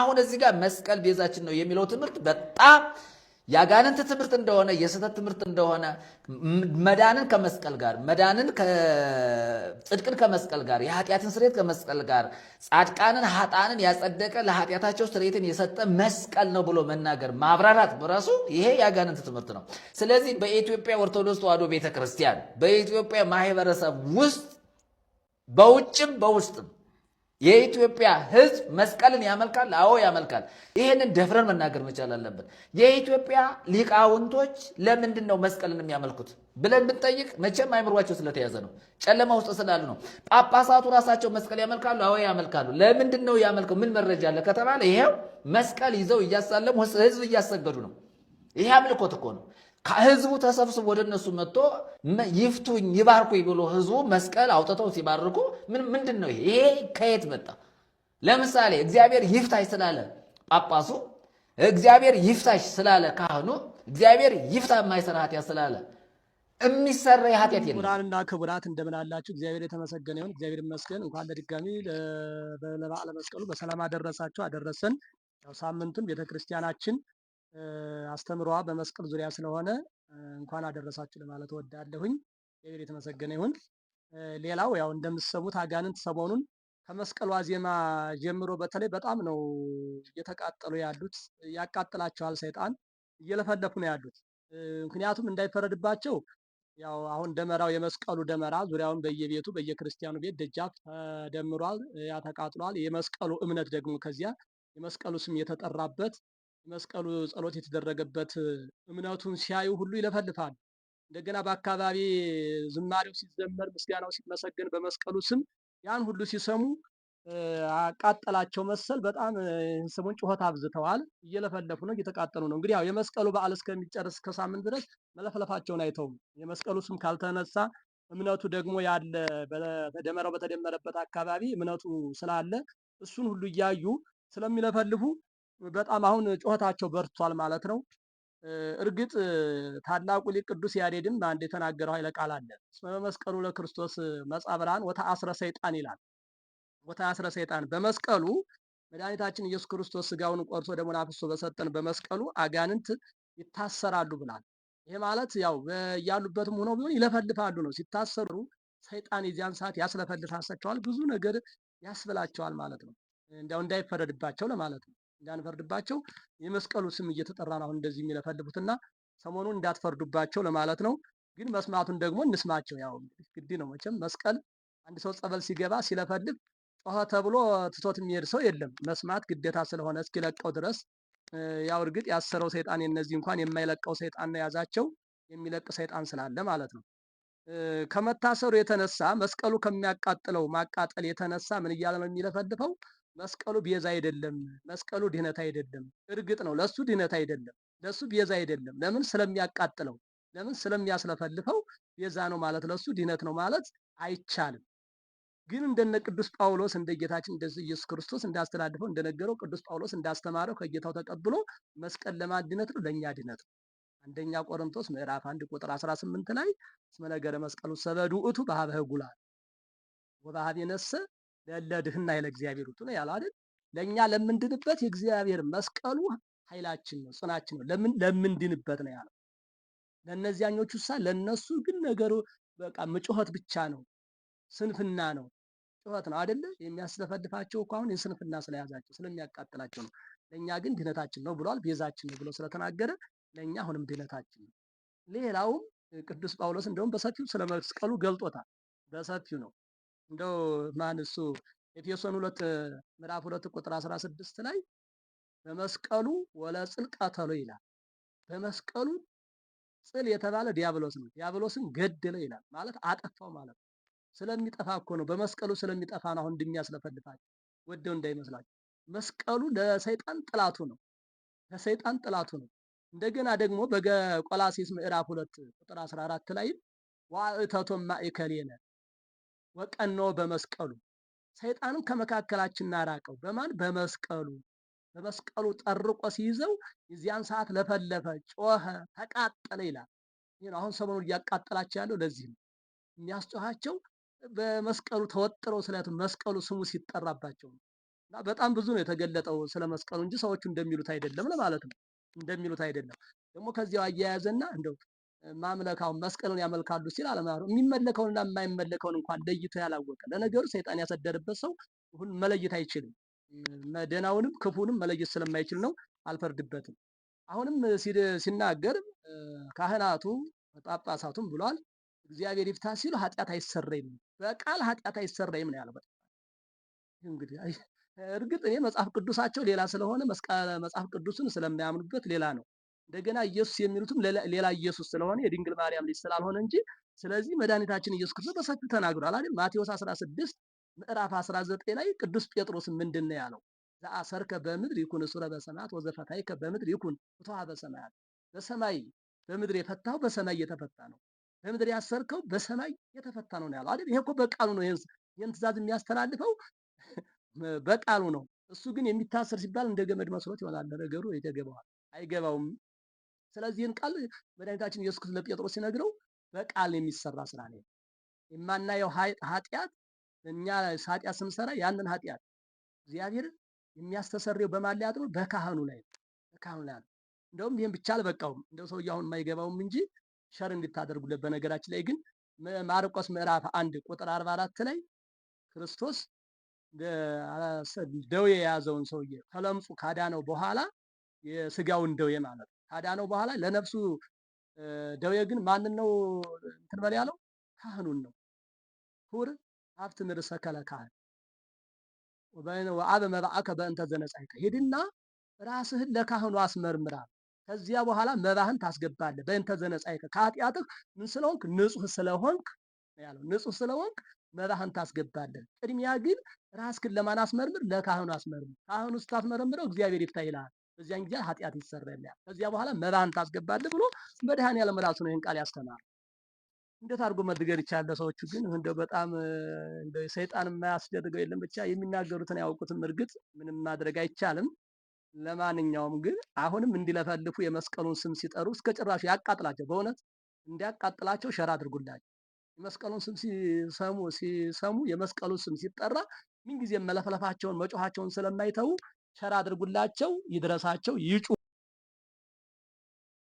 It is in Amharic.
አሁን እዚህ ጋር መስቀል ቤዛችን ነው የሚለው ትምህርት በጣም ያጋንንት ትምህርት እንደሆነ የስህተት ትምህርት እንደሆነ መዳንን ከመስቀል ጋር መዳንን ጽድቅን ከመስቀል ጋር የኃጢአትን ስሬት ከመስቀል ጋር ጻድቃንን ሀጣንን ያጸደቀ ለኃጢአታቸው ስሬትን የሰጠ መስቀል ነው ብሎ መናገር ማብራራት በራሱ ይሄ ያጋንንት ትምህርት ነው። ስለዚህ በኢትዮጵያ ኦርቶዶክስ ተዋሕዶ ቤተክርስቲያን በኢትዮጵያ ማህበረሰብ ውስጥ በውጭም በውስጥም የኢትዮጵያ ህዝብ መስቀልን ያመልካል። አዎ ያመልካል። ይህንን ደፍረን መናገር መቻል አለብን። የኢትዮጵያ ሊቃውንቶች ለምንድን ነው መስቀልን የሚያመልኩት ብለን ብንጠይቅ መቼም አይምሯቸው ስለተያዘ ነው፣ ጨለማ ውስጥ ስላሉ ነው። ጳጳሳቱ ራሳቸው መስቀል ያመልካሉ። አዎ ያመልካሉ። ለምንድን ነው ያመልከው? ምን መረጃ አለ ከተባለ ይሄው መስቀል ይዘው እያሳለሙ ህዝብ እያሰገዱ ነው። ይሄ አምልኮት እኮ ነው። ከህዝቡ ተሰብስቦ ወደ እነሱ መጥቶ ይፍቱኝ ይባርኩኝ ብሎ ህዝቡ መስቀል አውጥተው ሲባርኩ ምንድን ነው ይሄ? ይሄ ከየት መጣ? ለምሳሌ እግዚአብሔር ይፍታሽ ስላለ ጳጳሱ፣ እግዚአብሔር ይፍታሽ ስላለ ካህኑ፣ እግዚአብሔር ይፍታ የማይሰራ ኃጢአት ስላለ የሚሰራ የኃጢአት የለም። ክቡራንና ክቡራት እንደምን አላችሁ? እግዚአብሔር የተመሰገነ ይሁን። እግዚአብሔር ይመስገን። እንኳን ለድጋሚ ለበዓለ መስቀሉ በሰላም አደረሳችሁ አደረሰን። ሳምንቱን ቤተክርስቲያናችን አስተምሯ በመስቀል ዙሪያ ስለሆነ እንኳን አደረሳችሁ ለማለት እወዳለሁኝ። እግዚአብሔር የተመሰገነ ይሁን። ሌላው ያው እንደምትሰሙት አጋንንት ሰሞኑን ከመስቀሉ ዜማ ጀምሮ በተለይ በጣም ነው እየተቃጠሉ ያሉት። ያቃጥላቸዋል ሰይጣን፣ እየለፈለፉ ነው ያሉት። ምክንያቱም እንዳይፈረድባቸው ያው አሁን ደመራው የመስቀሉ ደመራ ዙሪያውን በየቤቱ በየክርስቲያኑ ቤት ደጃፍ ተደምሯል፣ ያተቃጥሏል። የመስቀሉ እምነት ደግሞ ከዚያ የመስቀሉ ስም የተጠራበት የመስቀሉ ጸሎት የተደረገበት እምነቱን ሲያዩ ሁሉ ይለፈልፋል። እንደገና በአካባቢ ዝማሬው ሲዘመር፣ ምስጋናው ሲመሰገን በመስቀሉ ስም ያን ሁሉ ሲሰሙ አቃጠላቸው መሰል በጣም ስሙን ጩኸት አብዝተዋል። እየለፈለፉ ነው፣ እየተቃጠሉ ነው። እንግዲህ ያው የመስቀሉ በዓል እስከሚጨርስ ከሳምንት ድረስ መለፍለፋቸውን አይተውም። የመስቀሉ ስም ካልተነሳ እምነቱ ደግሞ ያለ በተደመረው በተደመረበት አካባቢ እምነቱ ስላለ እሱን ሁሉ እያዩ ስለሚለፈልፉ በጣም አሁን ጩኸታቸው በርቷል ማለት ነው። እርግጥ ታላቁ ሊቅ ቅዱስ ያሬድም አንድ የተናገረው ኃይለ ቃል አለ። በመስቀሉ ለክርስቶስ መጽአ ብርሃን ወታ አስረ ሰይጣን ይላል። ወታ አስረ ሰይጣን በመስቀሉ መድኃኒታችን ኢየሱስ ክርስቶስ ስጋውን ቆርሶ ደሙን አፍስሶ በሰጠን በመስቀሉ አጋንንት ይታሰራሉ ብላል። ይሄ ማለት ያው ያሉበትም ሆኖ ቢሆን ይለፈልፋሉ ነው። ሲታሰሩ ሰይጣን የዚያን ሰዓት ያስለፈልፋቸዋል፣ ብዙ ነገር ያስብላቸዋል ማለት ነው። እንዲያው እንዳይፈረድባቸው ለማለት ነው። እንዳንፈርድባቸው የመስቀሉ ስም እየተጠራ ነው አሁን እንደዚህ የሚለፈልፉትና ሰሞኑን እንዳትፈርዱባቸው ለማለት ነው። ግን መስማቱን ደግሞ እንስማቸው። ያው ግድ ነው መቼም መስቀል አንድ ሰው ጸበል ሲገባ ሲለፈልፍ ጮኸ ተብሎ ትቶት የሚሄድ ሰው የለም። መስማት ግዴታ ስለሆነ እስኪለቀው ድረስ ያው እርግጥ ያሰረው ሰይጣን የነዚህ እንኳን የማይለቀው ሰይጣን ነው የያዛቸው የሚለቅ ሰይጣን ስላለ ማለት ነው። ከመታሰሩ የተነሳ መስቀሉ ከሚያቃጥለው ማቃጠል የተነሳ ምን እያለ ነው የሚለፈልፈው? መስቀሉ ቤዛ አይደለም። መስቀሉ ድህነት አይደለም። እርግጥ ነው ለሱ ድህነት አይደለም፣ ለሱ ቤዛ አይደለም። ለምን? ስለሚያቃጥለው፣ ለምን? ስለሚያስለፈልፈው ቤዛ ነው ማለት ለሱ ድህነት ነው ማለት አይቻልም። ግን እንደነ ቅዱስ ጳውሎስ እንደ ጌታችን እንደ ኢየሱስ ክርስቶስ እንዳስተላልፈው እንደነገረው ቅዱስ ጳውሎስ እንዳስተማረው ከጌታው ተቀብሎ መስቀል ለማን ድነት ነው? ለእኛ ድነት ነው። አንደኛ ቆሮንቶስ ምዕራፍ አንድ ቁጥር 18 ላይ ስመነገረ ነገረ መስቀሉ ሰበ ውእቱ በሀበ ጉላ ወበሀበ የነሰ ለድህና ይለ እግዚአብሔር ውእቱ ነው ያለ አይደል? ለእኛ ለምንድንበት የእግዚአብሔር መስቀሉ ኃይላችን ነው፣ ጽናችን ነው። ለምንድንበት ነው ያለው። ለእነዚያኞቹ ሳ ለእነሱ ግን ነገሩ በቃ መጮኸት ብቻ ነው፣ ስንፍና ነው፣ ጩኸት ነው አይደለ? የሚያስለፈልፋቸው እኮ አሁን የስንፍና ስለያዛቸው ስለሚያቃጥላቸው ነው። ለእኛ ግን ድህነታችን ነው ብሏል። ቤዛችን ነው ብሎ ስለተናገረ ለእኛ አሁንም ድህነታችን ነው። ሌላውም ቅዱስ ጳውሎስ እንደውም በሰፊው ስለ መስቀሉ ገልጦታል። በሰፊው ነው እንደው ማን እሱ ኤፌሶን ሁለት ምዕራፍ ሁለት ቁጥር አስራ ስድስት ላይ በመስቀሉ ወለ ጽል ቀተሎ ይላል። በመስቀሉ ጽል የተባለ ዲያብሎስ ነው። ዲያብሎስን ገድለ ይላል ማለት አጠፋው ማለት ነው። ስለሚጠፋ እኮ ነው። በመስቀሉ ስለሚጠፋ ነው። አሁን እንደሚያስለፈልፋቸው ወደው እንዳይመስላቸው። መስቀሉ ለሰይጣን ጥላቱ ነው። ለሰይጣን ጥላቱ ነው። እንደገና ደግሞ በቆላሲስ ምዕራፍ ሁለት ቁጥር 14 ላይ ዋእተቶም ማእከሌነ ወቀነ በመስቀሉ ሰይጣንም ከመካከላችን አራቀው። በማን በመስቀሉ በመስቀሉ ጠርቆ ሲይዘው የዚያን ሰዓት ለፈለፈ፣ ጮኸ፣ ተቃጠለ ይላል። ይሄን አሁን ሰሞኑ እያቃጠላቸው ያለው ለዚህ ነው። የሚያስጮኋቸው በመስቀሉ ተወጥረው ስለት መስቀሉ ስሙ ሲጠራባቸው ነው። እና በጣም ብዙ ነው የተገለጠው ስለ መስቀሉ እንጂ ሰዎቹ እንደሚሉት አይደለም ለማለት ነው። እንደሚሉት አይደለም ደግሞ ከዚያው አያያዘና እንደው ማምለካውን መስቀልን ያመልካሉ ሲል አለማሩ የሚመለከውንና የማይመለከውን እንኳን ለይቶ ያላወቀ ለነገሩ ሰይጣን ያሰደረበት ሰው ሁሉ መለየት አይችልም። መደናውንም ክፉንም መለየት ስለማይችል ነው። አልፈርድበትም። አሁንም ሲናገር ካህናቱ ጳጳሳቱም ብሏል እግዚአብሔር ይፍታ ሲሉ ኃጢአት አይሰረይም፣ በቃል ኃጢአት አይሰረይም ነው ያለው። እንግዲህ እርግጥ እኔ መጽሐፍ ቅዱሳቸው ሌላ ስለሆነ መጽሐፍ ቅዱስን ስለማያምኑበት ሌላ ነው እንደገና ኢየሱስ የሚሉትም ሌላ ኢየሱስ ስለሆነ የድንግል ማርያም ልጅ ስላልሆነ እንጂ። ስለዚህ መድኃኒታችን ኢየሱስ ክርስቶስ በሰፊው ተናግሯል አይደል? ማቴዎስ 16 ምዕራፍ 19 ላይ ቅዱስ ጴጥሮስ ምንድን ነው ያለው? ዘአሰርከ በምድር ይኩን እሱረ በሰማያት ወዘፈታይከ በምድር ይኩን ፍትሐ በሰማያት። በሰማይ በምድር የፈታው በሰማይ የተፈታ ነው፣ በምድር ያሰርከው በሰማይ የተፈታ ነው ያለው አይደል? ይሄ እኮ በቃሉ ነው። ይህን ትእዛዝ የሚያስተላልፈው በቃሉ ነው። እሱ ግን የሚታሰር ሲባል እንደ ገመድ መስሎት ይሆናል። ነገሩ የተገባዋል አይገባውም ስለዚህን ቃል መድኃኒታችን ኢየሱስ ክርስቶስ ለጴጥሮስ ሲነግረው በቃል የሚሰራ ስራ ነው። የማናየው ኃጢአት እኛ ኃጢአት ስንሰራ ያንን ኃጢአት እግዚአብሔር የሚያስተሰርየው በማን ላይ አድሮ? በካህኑ ላይ በካህኑ ላይ። እንደውም ይህም ብቻ አልበቃውም፣ እንደው ሰው አሁን የማይገባውም እንጂ ሸር እንድታደርጉለት። በነገራችን ላይ ግን ማርቆስ ምዕራፍ አንድ ቁጥር አርባ አራት ላይ ክርስቶስ ደዌ የያዘውን ሰውዬ ከለምጹ ካዳነው በኋላ የስጋውን ደዌ ማለት ካዳነው በኋላ ለነፍሱ ደዌ ግን ማንን ነው እንትን በል ያለው? ካህኑን ነው። ሁር ሀብት ምርሰ ከለ ካህን ወአብ መባአከ በእንተ ዘነጻይከ ሄድና ራስህን ለካህኑ አስመርምራ ከዚያ በኋላ መባህን ታስገባለህ። በእንተ ዘነጻይከ ከኃጢአትህ ምን ስለሆንክ ንጹህ ስለሆንክ ያለው ንጹህ ስለሆንክ መባህን ታስገባለህ። ቅድሚያ ግን ራስህን ለማን አስመርምር? ለካህኑ አስመርምር። ካህኑ ስታስመረምረው እግዚአብሔር ይፍታ ይልሃል። በዚያን ጊዜ ኃጢአት ይሰረያል። ከዚያ በኋላ መባህን ታስገባለህ ብሎ መድኃኔዓለም ራሱ ነው ይህን ቃል ያስተማረ። እንዴት አድርጎ መድገር ይቻላል? ሰዎቹ ግን እንደው በጣም እንደው ሰይጣን የማያስደርገው የለም። ብቻ የሚናገሩትን ያውቁትም፣ እርግጥ ምንም ማድረግ አይቻልም። ለማንኛውም ግን አሁንም እንዲለፈልፉ የመስቀሉን ስም ሲጠሩ እስከ ጭራሹ ያቃጥላቸው። በእውነት እንዲያቃጥላቸው ሸራ አድርጉላቸው። የመስቀሉን ስም ሲሰሙ ሲሰሙ የመስቀሉን ስም ሲጠራ ምንጊዜም መለፈለፋቸውን መጮኋቸውን ስለማይተዉ ሸር አድርጉላቸው፣ ይድረሳቸው፣ ይጩ